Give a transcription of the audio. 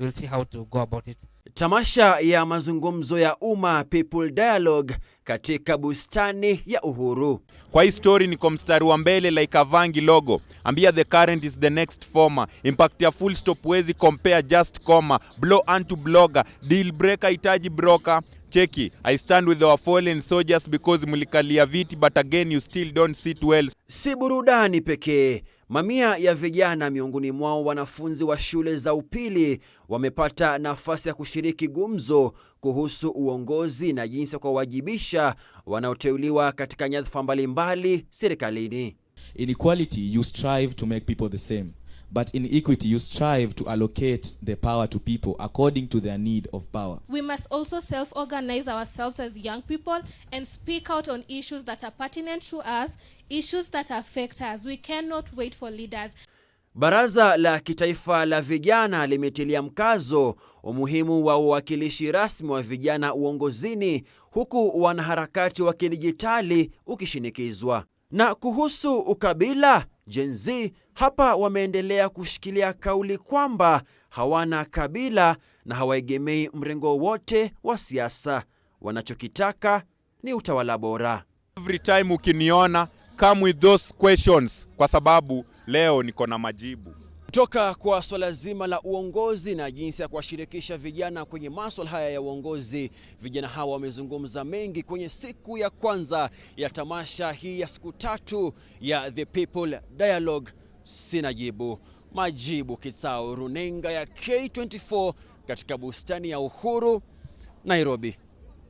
we'll see how to go about it. Tamasha ya mazungumzo ya umma People Dialogue katika bustani ya Uhuru. Kwa hii story niko mstari wa mbele like a vangi logo. Ambia the current is the next former. Impact ya full stop wezi compare just comma. Blow unto blogger. Deal breaker itaji broker. Cheki, I stand with our fallen soldiers because mulikalia viti but again you still don't sit well. Si burudani pekee Mamia ya vijana miongoni mwao wanafunzi wa shule za upili wamepata nafasi ya kushiriki gumzo kuhusu uongozi na jinsi ya kuwawajibisha wanaoteuliwa katika nyadhifa mbalimbali serikalini. Inequality, you strive to make people the same. But in equity, you strive to allocate the power to people according to their need of power. We must also self organize ourselves as young people and speak out on issues that are pertinent to us, issues that affect us. We cannot wait for leaders. Baraza la Kitaifa la Vijana limetilia mkazo umuhimu wa uwakilishi rasmi wa vijana uongozini, huku wanaharakati wa kidijitali ukishinikizwa. Na kuhusu ukabila Gen Z hapa wameendelea kushikilia kauli kwamba hawana kabila na hawaegemei mrengo wote wa siasa. Wanachokitaka ni utawala bora. Every time ukiniona, come with those questions, kwa sababu leo niko na majibu. Kutoka kwa swala zima la uongozi na jinsi ya kuwashirikisha vijana kwenye maswala haya ya uongozi, vijana hawa wamezungumza mengi kwenye siku ya kwanza ya tamasha hii ya siku tatu ya The People Dialogue. Sina Jibu Majibu Kisao, runinga ya K24 katika bustani ya Uhuru, Nairobi.